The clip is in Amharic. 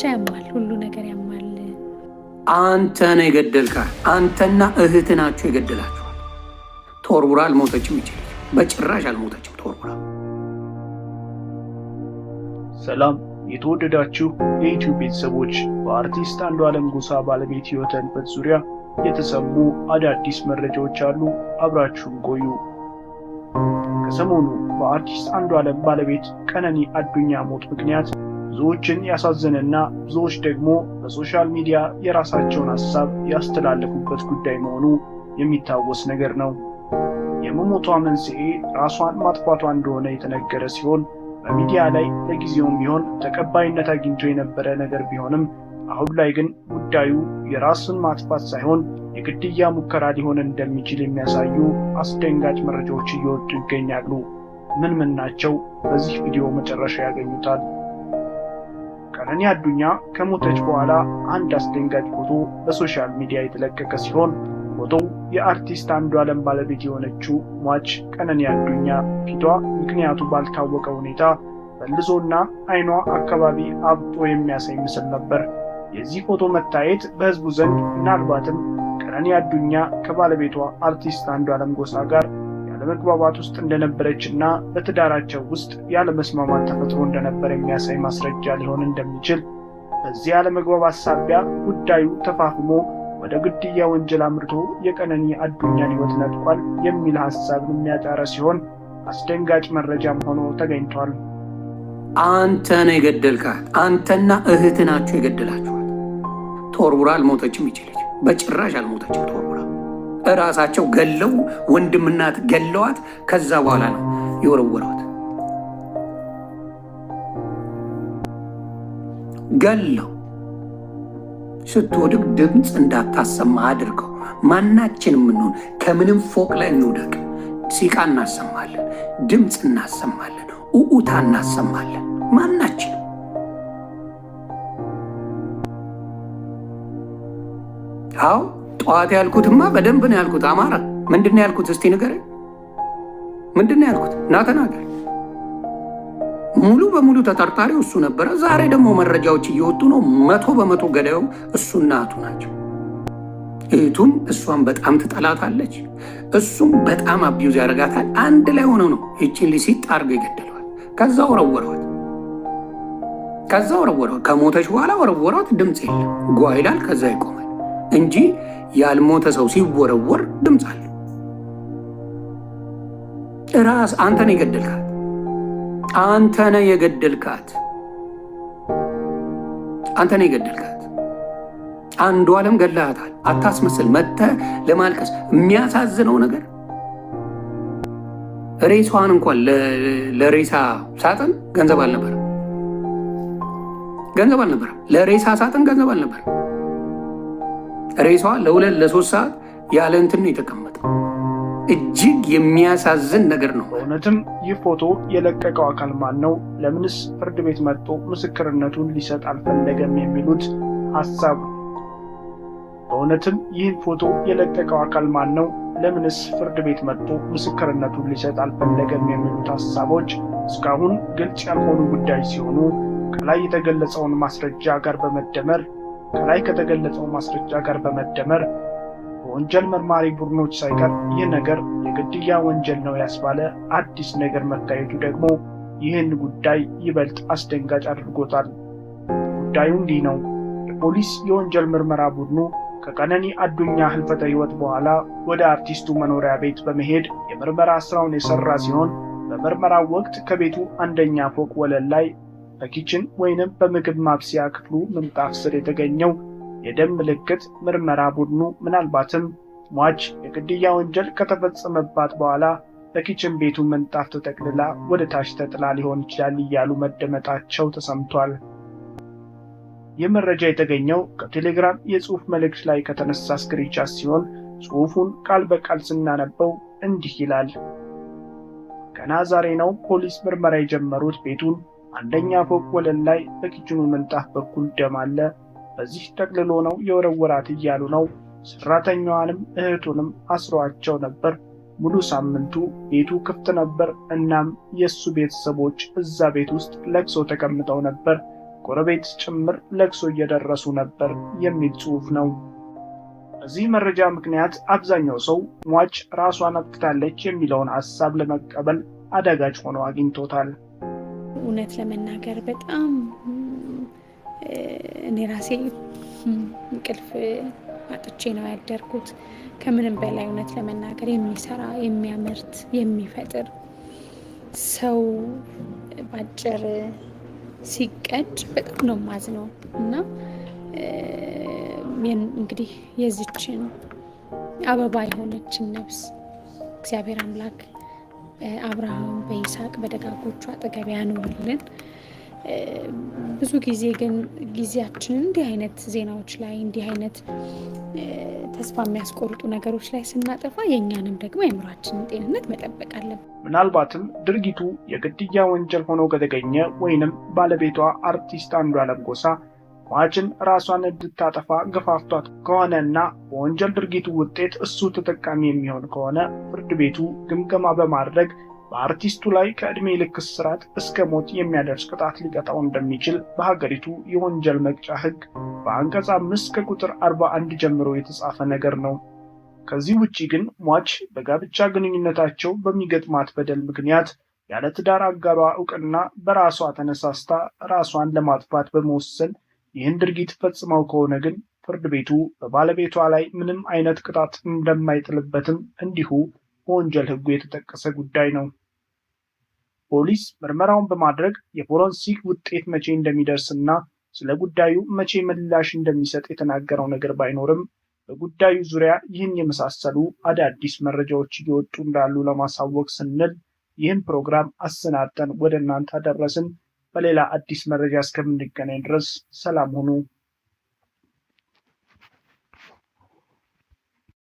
ብቻ ያማል፣ ሁሉ ነገር ያማል። አንተ ነው የገደልካል አንተና እህት ናችሁ የገደላችኋል። ተወርውራ አልሞተችም። ይችል በጭራሽ አልሞተችም። ተወርውራ ሰላም የተወደዳችሁ የዩቲዩብ ቤተሰቦች በአርቲስት አንዷለም ጎሳ ባለቤት ሕይወተ ዙሪያ የተሰሙ አዳዲስ መረጃዎች አሉ። አብራችሁን ቆዩ። ከሰሞኑ በአርቲስት አንዷለም ባለቤት ቀነኒ አዱኛ ሞት ምክንያት ብዙዎችን ያሳዘነና ብዙዎች ደግሞ በሶሻል ሚዲያ የራሳቸውን ሀሳብ ያስተላለፉበት ጉዳይ መሆኑ የሚታወስ ነገር ነው። የመሞቷ መንስኤ ራሷን ማጥፋቷ እንደሆነ የተነገረ ሲሆን በሚዲያ ላይ ለጊዜውም ቢሆን ተቀባይነት አግኝቶ የነበረ ነገር ቢሆንም አሁን ላይ ግን ጉዳዩ የራስን ማጥፋት ሳይሆን የግድያ ሙከራ ሊሆን እንደሚችል የሚያሳዩ አስደንጋጭ መረጃዎች እየወጡ ይገኛሉ። ምን ምን ናቸው? በዚህ ቪዲዮ መጨረሻ ያገኙታል። ሻህሪን አዱኛ ከሞተች በኋላ አንድ አስደንጋጭ ፎቶ በሶሻል ሚዲያ የተለቀቀ ሲሆን ፎቶው የአርቲስት አንዱ ዓለም ባለቤት የሆነችው ሟች ቀነኒ አዱኛ ፊቷ ምክንያቱ ባልታወቀ ሁኔታ በልዞና አይኗ አካባቢ አብጦ የሚያሳይ ምስል ነበር። የዚህ ፎቶ መታየት በህዝቡ ዘንድ ምናልባትም ቀነኒ አዱኛ ከባለቤቷ አርቲስት አለም ጎሳ ጋር አለመግባባት ውስጥ እንደነበረች እና በትዳራቸው ውስጥ ያለመስማማት ተፈጥሮ እንደነበር የሚያሳይ ማስረጃ ሊሆን እንደሚችል፣ በዚህ አለመግባባት ሳቢያ ጉዳዩ ተፋፍሞ ወደ ግድያ ወንጀል አምርቶ የቀነኒ አዱኛን ሕይወት ነጥቋል የሚል ሀሳብን የሚያጠረ ሲሆን አስደንጋጭ መረጃም ሆኖ ተገኝቷል። አንተ ነው የገደልካት። አንተና እህት ናችሁ የገደላችኋት። ቶርቡራ አልሞተችም። ይችለች በጭራሽ አልሞተችም። እራሳቸው ገለው ወንድምናት ገለዋት። ከዛ በኋላ ነው የወረወሯት። ገለው ስትወድቅ ድምፅ እንዳታሰማ አድርገው። ማናችን የምንሆን ከምንም ፎቅ ላይ እንውደቅ፣ ሲቃ እናሰማለን፣ ድምፅ እናሰማለን፣ ውዑታ እናሰማለን። ማናችን አዎ ጠዋት ያልኩትማ በደንብ ነው ያልኩት። አማራ ምንድን ነው ያልኩት? እስቲ ንገረኝ። ምንድን ነው ያልኩት? ና ተናገር። ሙሉ በሙሉ ተጠርጣሪው እሱ ነበረ። ዛሬ ደግሞ መረጃዎች እየወጡ ነው። መቶ በመቶ ገዳዩ እሱና እህቱ ናቸው። እህቱም እሷን በጣም ትጠላታለች፣ እሱም በጣም አቢዩዝ ያደርጋታል። አንድ ላይ ሆነው ነው ይችን ሊሲጥ አድርገው ይገደለዋል። ከዛ ወረወሯት፣ ከዛ ወረወሯት፣ ከሞተች በኋላ ወረወረዋት። ድምፅ የለም ጓይላል። ይላል። ከዛ ይቆማል። እንጂ ያልሞተ ሰው ሲወረወር ድምፅ አለ። ራስ አንተ ነህ የገደልካት፣ አንተ ነህ የገደልካት፣ አንተ ነህ የገደልካት። አንዱ ዓለም ገድላታል። አታስመስል። መጥተህ ለማልቀስ የሚያሳዝነው ነገር ሬሷን እንኳን ለሬሳ ሳጥን ገንዘብ አልነበረም፣ ገንዘብ አልነበረም፣ ለሬሳ ሳጥን ገንዘብ አልነበረም። ሬሷ ለሁለት ለሶስት ሰዓት ያለ እንትን ነው የተቀመጠው። እጅግ የሚያሳዝን ነገር ነው። እውነትም ይህ ፎቶ የለቀቀው አካል ማን ነው? ለምንስ ፍርድ ቤት መጥቶ ምስክርነቱን ሊሰጥ አልፈለገም? የሚሉት ሀሳቡ በእውነትም ይህ ፎቶ የለቀቀው አካል ማን ነው? ለምንስ ፍርድ ቤት መጥቶ ምስክርነቱን ሊሰጥ አልፈለገም? የሚሉት ሀሳቦች እስካሁን ግልጽ ያልሆኑ ጉዳይ ሲሆኑ ከላይ የተገለጸውን ማስረጃ ጋር በመደመር ከላይ ከተገለጸው ማስረጃ ጋር በመደመር በወንጀል መርማሪ ቡድኖች ሳይቀር ይህ ነገር የግድያ ወንጀል ነው ያስባለ አዲስ ነገር መታየቱ ደግሞ ይህን ጉዳይ ይበልጥ አስደንጋጭ አድርጎታል። ጉዳዩ እንዲህ ነው። የፖሊስ የወንጀል ምርመራ ቡድኑ ከቀነኒ አዱኛ ህልፈተ ህይወት በኋላ ወደ አርቲስቱ መኖሪያ ቤት በመሄድ የምርመራ ስራውን የሰራ ሲሆን በምርመራው ወቅት ከቤቱ አንደኛ ፎቅ ወለል ላይ በኪችን ወይንም በምግብ ማብሰያ ክፍሉ ምንጣፍ ስር የተገኘው የደም ምልክት ምርመራ ቡድኑ ምናልባትም ሟች የግድያ ወንጀል ከተፈጸመባት በኋላ በኪችን ቤቱ ምንጣፍ ተጠቅልላ ወደ ታች ተጥላ ሊሆን ይችላል እያሉ መደመጣቸው ተሰምቷል። ይህ መረጃ የተገኘው ከቴሌግራም የጽሑፍ መልእክት ላይ ከተነሳ ስክሪንሻ ሲሆን ጽሑፉን ቃል በቃል ስናነበው እንዲህ ይላል። ገና ዛሬ ነው ፖሊስ ምርመራ የጀመሩት ቤቱን አንደኛ ፎቅ ወለል ላይ በኪችኑ ምንጣፍ በኩል ደም አለ። በዚህ ጠቅልሎ ነው የወረወራት እያሉ ነው። ሰራተኛዋንም እህቱንም አስሯቸው ነበር። ሙሉ ሳምንቱ ቤቱ ክፍት ነበር። እናም የእሱ ቤተሰቦች እዛ ቤት ውስጥ ለቅሶ ተቀምጠው ነበር። ጎረቤት ጭምር ለቅሶ እየደረሱ ነበር የሚል ጽሑፍ ነው። በዚህ መረጃ ምክንያት አብዛኛው ሰው ሟች ራሷን አጥቅታለች የሚለውን ሐሳብ ለመቀበል አዳጋች ሆኖ አግኝቶታል። እውነት ለመናገር በጣም እኔ ራሴ እንቅልፍ አጥቼ ነው ያደርኩት። ከምንም በላይ እውነት ለመናገር የሚሰራ የሚያመርት፣ የሚፈጥር ሰው ባጭር ሲቀጭ በጣም ነው የማዝነው እና እንግዲህ የዚችን አበባ የሆነችን ነፍስ እግዚአብሔር አምላክ አብርሃም በይስሐቅ በደጋጎቹ አጠገብ ያኖርልን። ብዙ ጊዜ ግን ጊዜያችንን እንዲህ አይነት ዜናዎች ላይ እንዲህ አይነት ተስፋ የሚያስቆርጡ ነገሮች ላይ ስናጠፋ የእኛንም ደግሞ የአእምሯችንን ጤንነት መጠበቅ አለብን። ምናልባትም ድርጊቱ የግድያ ወንጀል ሆኖ ከተገኘ ወይንም ባለቤቷ አርቲስት አንዷለም ጎሳ ሟችን ራሷን እንድታጠፋ ገፋፍቷት ከሆነና በወንጀል ድርጊቱ ውጤት እሱ ተጠቃሚ የሚሆን ከሆነ ፍርድ ቤቱ ግምገማ በማድረግ በአርቲስቱ ላይ ከዕድሜ ልክ እስራት እስከ ሞት የሚያደርስ ቅጣት ሊቀጣው እንደሚችል በሀገሪቱ የወንጀል መቅጫ ሕግ በአንቀጽ አምስት ከቁጥር 41 ጀምሮ የተጻፈ ነገር ነው። ከዚህ ውጪ ግን ሟች በጋብቻ ግንኙነታቸው በሚገጥማት በደል ምክንያት ያለ ትዳር አጋሯ እውቅና በራሷ ተነሳስታ ራሷን ለማጥፋት በመወሰን ይህን ድርጊት ፈጽመው ከሆነ ግን ፍርድ ቤቱ በባለቤቷ ላይ ምንም አይነት ቅጣት እንደማይጥልበትም እንዲሁ በወንጀል ሕጉ የተጠቀሰ ጉዳይ ነው። ፖሊስ ምርመራውን በማድረግ የፎረንሲክ ውጤት መቼ እንደሚደርስ እና ስለ ጉዳዩ መቼ ምላሽ እንደሚሰጥ የተናገረው ነገር ባይኖርም በጉዳዩ ዙሪያ ይህን የመሳሰሉ አዳዲስ መረጃዎች እየወጡ እንዳሉ ለማሳወቅ ስንል ይህን ፕሮግራም አሰናድተን ወደ እናንተ አደረስን። በሌላ አዲስ መረጃ እስከምንገናኝ ድረስ ሰላም ሁኑ።